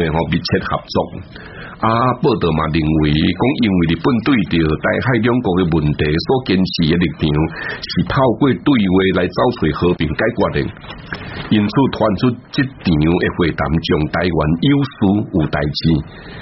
我密切合作，阿布達馬認為，講因為日本對台海兩國嘅問題所堅持嘅立場，是透過對話來找出和平解決嘅，因此傳出呢場會談將台灣有事有代志。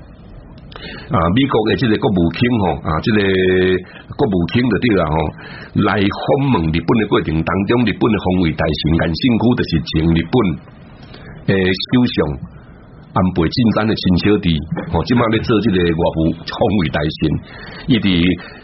啊！美國嘅即個國務卿吼，啊！即、這個國務卿嗰啲啊，吼來訪問日本嘅過程當中，日本嘅防衛大臣岸信夫，就是前日本誒，首相安倍晉三嘅親小弟，吼、哦，即馬咧做呢個外務防衛大臣，呢啲。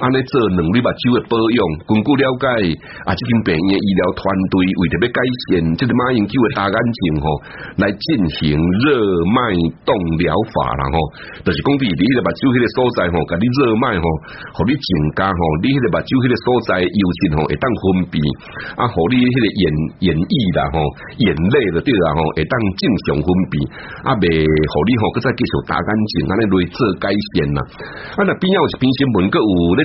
安尼、啊、做兩日目睭嘅保養，根據了解啊，即間病院醫療團隊為着要改善，即個馬英九嘅大眼睛吼，來進行熱脈動療法啦吼、哦，就是講比如你迄個目睭迄個所在吼，甲、哦、你熱脈吼，互、哦、你增加吼、哦，你迄個目睭迄個所在優勢吼，會、哦、當分泌啊，互你迄個眼眼液啦吼、哦，眼淚的對啦吼，會當正常分泌啊，未互你吼、哦，再繼續打眼睛，安尼類做改善啦。啊，若、啊、邊有是邊新聞，佮有咧。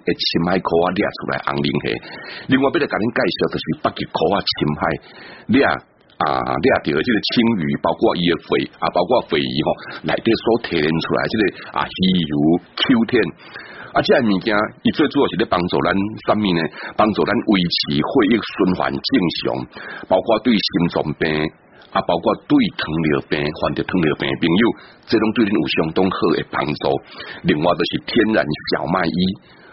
誒，深海苦啊，抓出來紅磷蝦。另外，要你甲你介紹的是北極苦啊，深海，抓啊抓到啊，的這個青魚，包括伊的肺，啊，包括肺魚吼，來、哦、啲所提煉出來，這個啊，魚油、秋天啊，這些物件，伊最主要是幫助咱什麼呢？幫助咱維持血液循環正常，包括對心臟病啊，包括對糖尿病患得糖尿病嘅朋友，這種對你有相當好嘅幫助。另外，就是天然小麥一。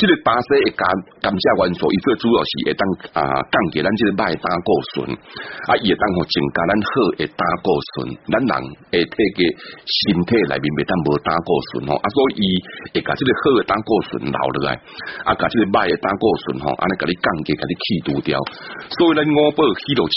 即個巴西會感謝元素，伊最主要是會當啊降解咱即個歹的膽固醇，啊伊會當好增加咱好嘅膽固醇，咱人誒體嘅身體內面袂當無膽固醇吼，啊所以伊會甲即個好嘅膽固醇留落來，啊甲即個歹嘅膽固醇吼，安尼甲你降解，甲你去除掉，所以咱五保吸到輕。